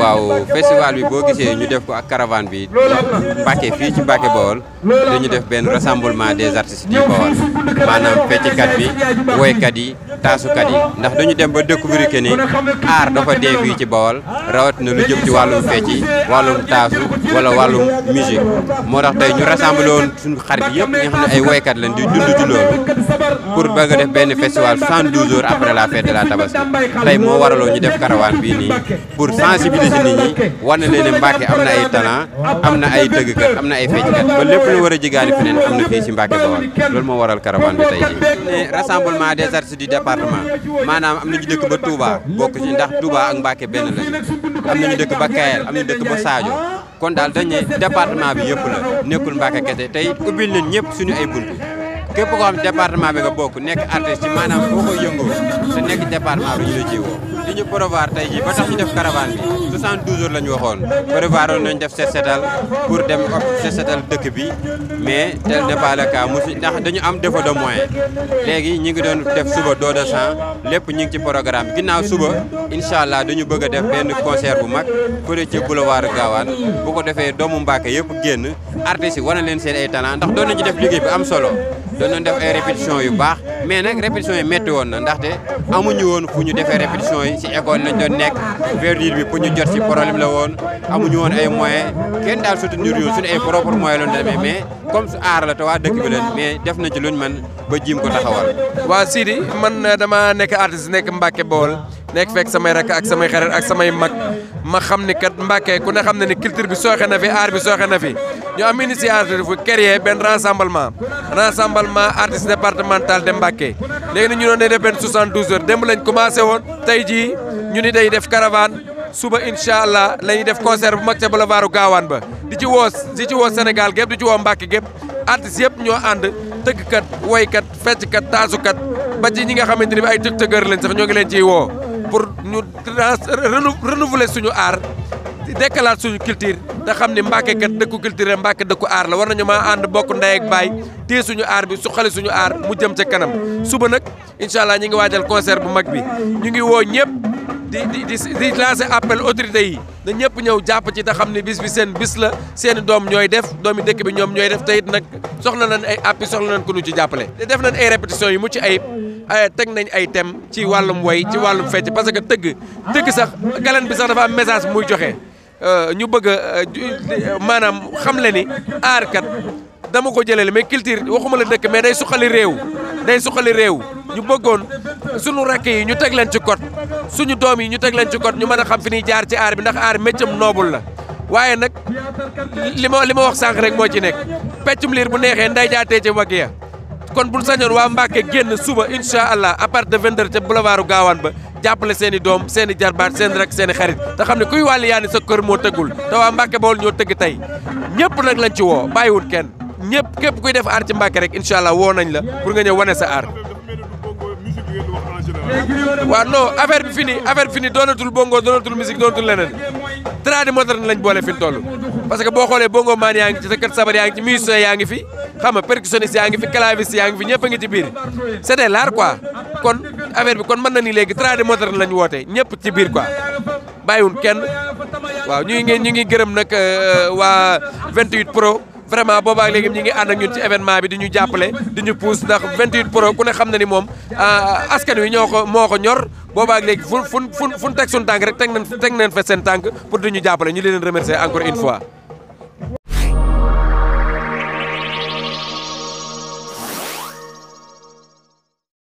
waaw festival bi boo gisee ñu def ko ak caravane bi Mbàkke fii ci Mbàkke Bawol dañu def benn rassemblement des artistes Bawol maanaam fecckat bi woykat yi taasukat yi ndax dañu dem ba découvrir que ni aar dafa dee fii ci Bawol ah, rawat na lu jëm ci wàllum fecc yi wàllum taasu wala wàllum musique moo tax tey ñu rassemblé woon suñu xarit yëpp ñi nga xam ne ay woykat lañ di dund ci loolu pour bëgg a def benn festival 112 heures après la fête de la Tabaski tey moo ñu def caravane bii nii ci nit ñi wane leen ne Mbacke am na ay talent am na ay tëggkat am na ay fecckat ba lépp lu war a jigaani feneen am na fii ci Mbacke Bawol loolu moo waral caravane bi tey jii ne rassemblement des artistes di département maanaam am na ñu dëkk ba Touba bokk ci ndax Touba ak Mbacke benn lañu am nañu dëkk ba Kayel am nañu dëkk ba Sadio kon daal dañ ne département bi yëpp la nekkul Mbacke kese tey ubbil leen ñëpp suñu ay bunt képp koo xam département bi nga bokk nekk artiste ci maanaam foo koy yëngoo te nekk département bi ñu la jiwoo li ñu tey jii ba tax ñu def caravane bi 72 heures la ñu waxoon prévoir woon nañu def set setal pour dem op set setal dëkk bi mais tel n'est pas le ndax dañu am défaut de moyen léegi ñi ngi doon def suba don de lépp ñi ngi ci programme ginnaaw suba incha allah dañu bëgg a def benn concert bu mag fële ci boulevard Gawane bu ko defee doomu Mbàkke yëpp génn artistes yi leen seen ay talent ndax doon nañu def liggéey bi am solo danoon def ay répétition yu baax mais nag répétition yi métti woon na ndaxte amuñu woon fu ñu defee répétition yi si école lañ doon nekk verdure bi pour ñu jot si problème la woon amuñu woon ay moyens kenn daal soutenir ñu suñu ay propre moyens lañ demee mais comme su aar la te waa dëkk bi leen def na ci luñ man ba jiim ko taxawal. waa Sidi man dama nekk artiste nekk Mbacke nekk fekk samay rakk ak samay xarit ak samay mag ma xam ni kat Mbàkke ku ne xam ne ni culture bi sooxe na fi art bi sooxe na fi ñu am initiative fu créer benn rassemblement rassemblement artiste départemental de Mbàkke léegi ni ñu doon def benn 72 heures démb lañ commencé woon tey jii ñu ni day def caravane suba incha allah la ñuy def concert bu mag ca boulevard Gaawaan ba di ci woo di ci woo Sénégal gépp di ci woo Mbàkke gépp artistes yëpp ñoo ànd tëggkat woykat fecckat taasukat ba ci ñi nga xamante ni ay tëg tëgër lañ ñoo ngi leen ciy woo pour ñu renouveler suñu aar dekkalaat suñu culture te xam ni Mbàkke kat dëkku culture Mbàkke dëkku aar la war nañu maa ànd bokk ndey ak baay téye suñu aar bi suqali suñu aar mu jëm ca kanam suba nag incha allah ñi ngi waa waajal concert bu mag bi ñu ngi woo ñëpp di di di di appel autorité yi na ñëpp ñëw jàpp ci te xam ne bis bi seen bis la seeni doom ñooy def doomi dëkk bi ñoom ñooy def te it nag soxla nañ ay appui soxla nañ ku ñu ci jàppale. def nañ ay répétition yu mucc ayib. Eh, teg nañ ay thème ci wàllum way ci wàllum fecc parce que tëgg tëgg sax galan bi sax dafa am message muy joxe eh, ñu bëgg a eh, maanaam xam le ni aar kat dama ko jëlee mais culture waxuma la dëkk mais day suqali réew day suqali réew ñu bëggoon suñu rakk yi ñu teg leen ci code suñu doom yi ñu teg leen ci code ñu mën a xam fi ñuy jaar ci aar bi ndax aar méccam noobul la waaye nag li ma li ma wax sànq rek moo ci nekk peccum liir bu neexee nday jaatee ci wagg kon bu buñ sañoon waa Mbacke génn suba incha allah à partir de 22h ca boulevard Gawane ba jàppale seen seeni doom seeni i jarbaat seen rek seeni i xarit te xam ne kuy wàlli yaani sa kër moo tëggul te waa Mbacke Bawol ñoo tëgg tey ñëpp nag lañ ci woo bàyyiwul kenn ñëpp képp kuy def aar ci Mbacke rek incha allah woo nañ la pour nga ñëw wane sa aar. waaw non affaire bi fini affaire bi fini doonatul bongo doonatul musique doonatul leneen. tradi moderne lañ boole fi mu toll parce que boo xoolee bongo maan yaa ngi ci sa kër sabar yaa ngi ci musicien yaa ngi fi xam nga yaa ngi fi claviste yaa ngi fi ñëpp a ngi ci biir c'était l'art quoi kon affaire bi kon mën na ni léegi tradi moderne lañ woote ñëpp ci biir quoi bàyyiwul kenn waaw ñu ngi ñu ngi gërëm nag euh, waa 28 pro vraiment boobaak léegi ñu ngi ànd ak ñun ci événement bi di ñu jàppale di ñu pousse ndax 28 pro ku ne xam na ni moom euh, askan wi ñoo ko moo ko ñor boobaak léegi fu fu fu teg suñu tànk rek teg nañ teg nañ fa seen tànk pour di ñu jàppale ñu leen remercier encore une